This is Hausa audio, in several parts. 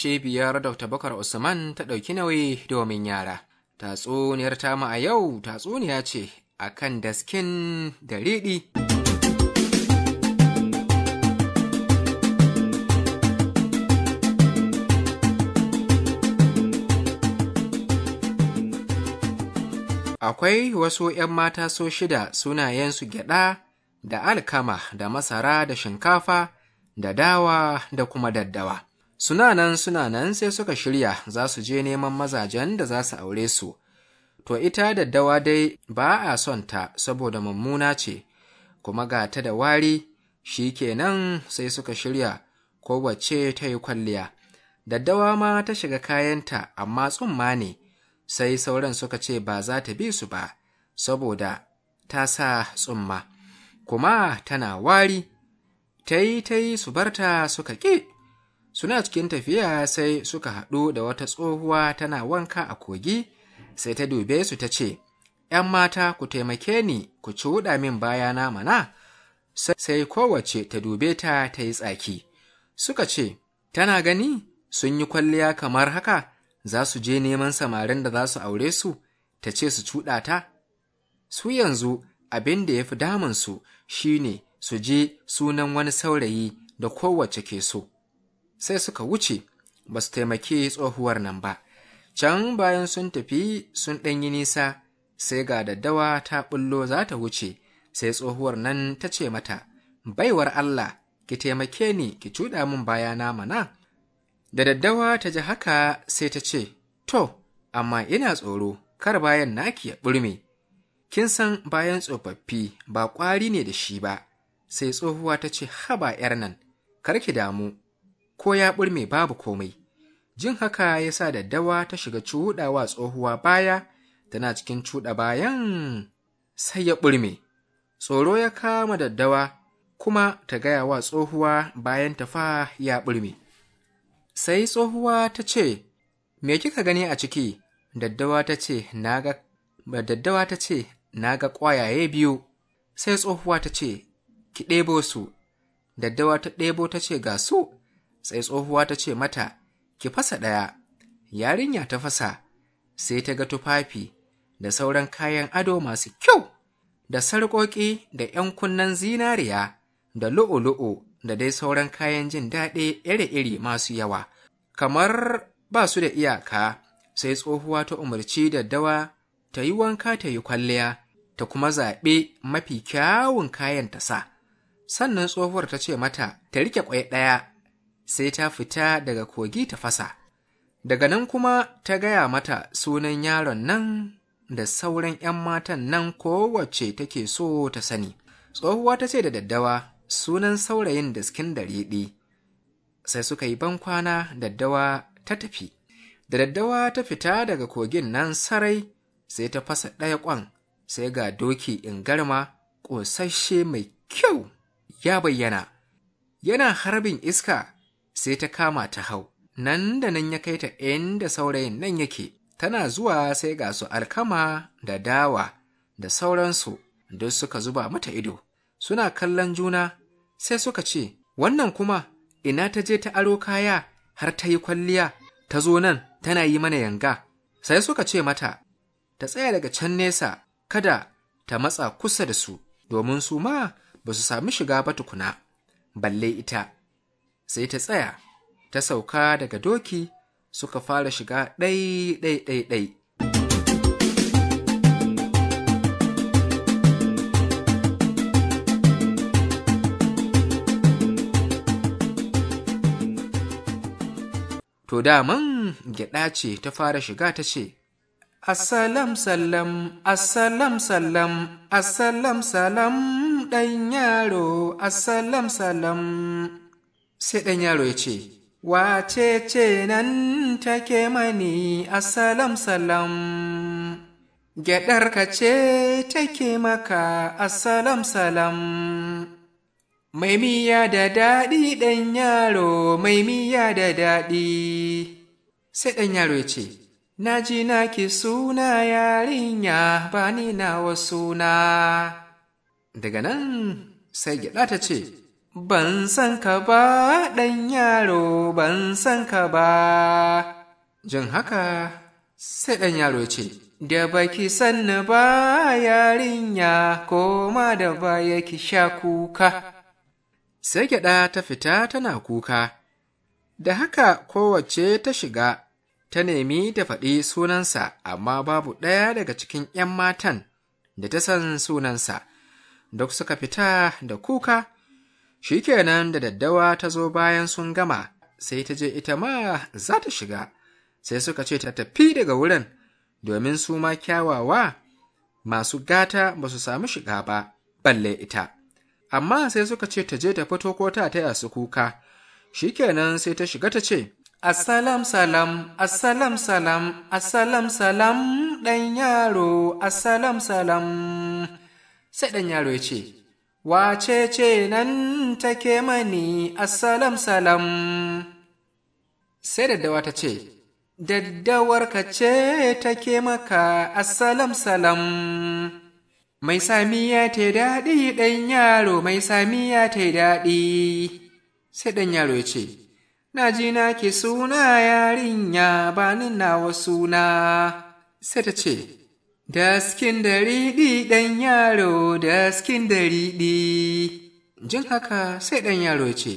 cibiyar dr bakar usman ta ɗauki nauyi domin yara tatsuniyar ma a yau tatsuniya ce a kan daskin da riɗi akwai wasu ‘yan mata so shida sunayensu gyaɗa da alkama da masara da shinkafa da dawa da kuma daddawa. suna nan suna nan sai suka shirya za su je neman mazajen da za su aure su to ita daddawa dai ba a son ta saboda mummuna ce kuma ga ta da wari shi kenan sai suka shirya kowace ta yi kwalliya daddawa ma ta shiga kayanta amma tsumma ne sai sauran suka ce ba za ta bi su ba saboda ta sa tsumma kuma tana wari ta yi ta yi su barta suka ƙi suna cikin tafiya sai suka haɗu da wata tsohuwa tana wanka a kogi sai ta dube su ta ce ‘yan mata ku taimake ni ku ci wuɗa min bayana mana sai kowace ta dube ta ta yi tsaki suka ce tana gani sun yi kwalliya kamar haka za su je neman samarin da za su aure su ta ce su cuɗa ta su yanzu abin da ya fi damunsu shine su je sunan wani saurayi da kowace ke so sai suka wuce ba su taimaki tsohuwar nan ba can bayan sun tafi sun ɗanyi nisa sai ga daddawa ta ɓullo za ta wuce sai tsohuwar nan ta ce mata baiwar allah ki taimake ni ki cuɗa min bayana mana da daddawa ta ji haka sai ta ce to amma ina tsoro kar bayan naki ya ɓurme kin san bayan tsofaffi ba ƙwari ne da shi ba sai tsohuwa ta ce haba ‘yar nan, kar ki damu, ko ya ɓurme babu komai jin haka ya sa daddawa ta shiga cuɗawa tsohuwa baya tana cikin cuɗa bayan sai ya ɓurme tsoro ya kama daddawa kuma ta gaya wa tsohuwa bayan ta ya ɓurme sai tsohuwa ta ce me kika gani a ciki daddawa ta ce daddawa ta ce na ga ƙwayaye biyu sai tsohuwa ta ce ki ɗebo su daddawa ta ɗebo ta ce ga su sai tsohuwa ta ce mata ki fasa ɗaya yarinya ta fasa sai ta ga tufafi da sauran kayan ado masu kyau da sarƙoƙi da 'yan kunnen zinariya da lu'u-lu'u da dai sauran kayan jin daɗe iri-iri masu yawa kamar ba su da iyaka sai tsohuwa ta umarci da dawa ta yi wanka ta yi kwalliya ta kuma zaɓe mafi kyawun kayan ta sa sannan tsohuwar ta ce mata ta rike ƙwai ɗaya sai ta fita daga kogi ta fasa daga nan kuma ta gaya mata sunan yaron nan da sauran 'yan matan nan kowace take so ta sani tsohuwa ta ce da daddawa sunan saurayin daskin da riɗi sai suka yi bankwana daddawa ta tafi da daddawa ta fita daga kogin nan sarai sai ta fasa ɗaya ƙwan sai ga doki in garma ƙosashe mai kyau ya bayyana yana harbin iska sai ta kama ta hau nan da nan ya kai ta inda saurayin nan yake tana zuwa sai ga su alkama da dawa da sauransu duk suka zuba mata ido suna kallon juna sai suka ce wannan kuma ina ta je ta aro kaya har ta yi kwalliya ta zo nan tana yi mana yanga sai suka ce mata ta tsaya daga can nesa kada ta matsa kusa da su domin su ma ba su sami shiga ba tukuna balle ita sai ta tsaya ta sauka daga doki suka fara shiga ɗai-ɗai-ɗai-ɗai. To daman gyaɗa ce ta fara shiga ta ce, Assalam salam, assalam salam, assalam salam ɗan yaro, assalam salam. sai ɗan yaro ya ce wace ce nan take mani asalam salam gyaɗarka ce take maka asalam salam mai miya da daɗi ɗan yaro mai miya da daɗi sai ɗan yaro ya ce na ji na ki suna yarinya ba ni na suna daga nan sai gyaɗa ta ce Ban san ka ba ɗan yaro ban san ka ba. Jin haka sai ɗan yaro ce, Da baki sanna ba yarinya koma da ya ki sha kuka. Sai gyaɗa ta fita tana kuka, da haka kowace ta shiga, ta nemi ta faɗi sunansa amma babu ɗaya daga cikin ‘yan matan da ta san sunansa, duk suka fita da kuka. Shi kenan da daddawa ta zo bayan sun gama, sai ta je ita ma za ta shiga, sai suka ce ta tafi daga wurin, domin su ma kyawawa masu gata ba su samu shiga ba, balle ita. Amma sai suka ce ta je ta fito ko ta taya su kuka, shi kenan sai ta shiga ta ce, Assalam salam, assalam salam, assalam salam, ɗan yaro, assalam salam. Sai ɗan yaro ya ce, wace ce nan take mani assalam salam sai daddawa ta ce daddawar ka ce take maka assalam salam mai sami ya ta daɗi ɗan yaro mai sami ya ta daɗi sai ɗan yaro ya ce na ji na ke suna yarinya ba nina wa suna. sai ta ce Daskin dariɗi ɗan yaro, daskin dariɗi. Jin haka sai ɗan yaro ya ce,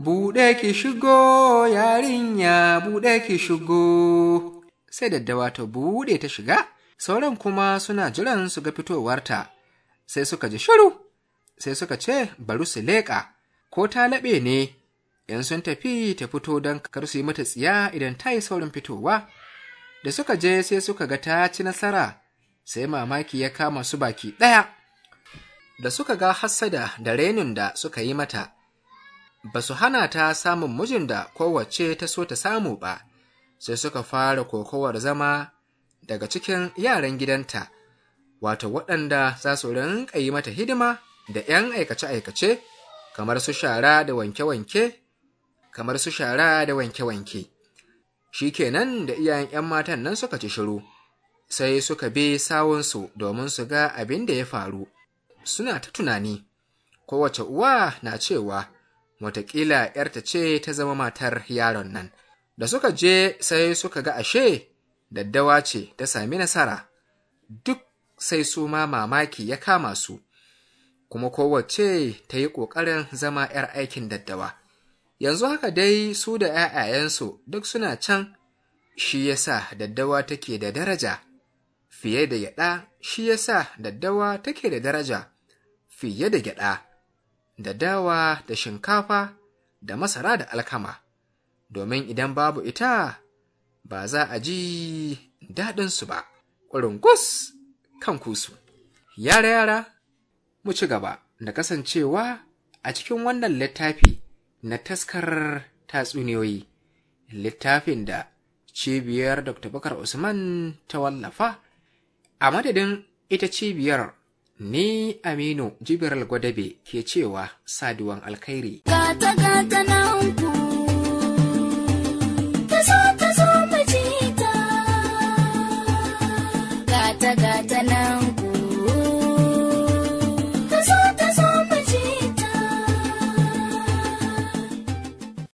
Buɗe ki shigo yarinya, buɗe ki shigo. Sai daddawa ta buɗe ta shiga, sauran kuma suna jiran su ga fitowarta. Sai suka ji shiru, sai suka ce bari su leƙa, ko ta laɓe ne, ‘yan sun tafi ta fito don kar su yi mata tsiya idan ta yi saurin fitowa. Da suka je sai suka ga ta ci nasara. sai mamaki ya kama su baki ɗaya da suka ga hassada da renin da suka yi mata ba su hana ta samun mijin da kowace ta so ta samu ba sai suka fara kokowar zama daga cikin yaran gidanta wato waɗanda za su rinƙa yi mata hidima da 'yan aikace-aikace kamar su shara da wanke-wanke kamar su shara da wanke-wanke shi kenan da iyayen 'yan matan nan suka ci shiru sai suka bi sawunsu domin su ga abin da ya faru suna ta tunani kowace uwa na cewa watakila ‘yarta ce ta zama matar yaron nan da suka je sai suka ga ashe daddawa ce ta sami nasara duk sai su ma mamaki ya kama su kuma kowace ta yi ƙoƙarin zama ‘yar aikin daddawa yanzu haka dai su da ‘ya'yayensu duk suna can shi yasa daddawa take da daraja fiye da gyaɗa shi ya yasa daddawa take da daraja fiye da gyaɗa da dawa da shinkafa da masara da alkama domin idan babu ita ba za a ji daɗinsu ba ƙurungus kan kusu yara yara mu ci gaba da kasancewa a cikin wannan littafi na taskar tatsuniyoyi littafin da cibiyar dr bakar usman ta wallafa A madadin ita cibiyar ni Aminu Jibiral Gwadabe ke cewa saduwan alkhairi. Gata gata na hunku, ta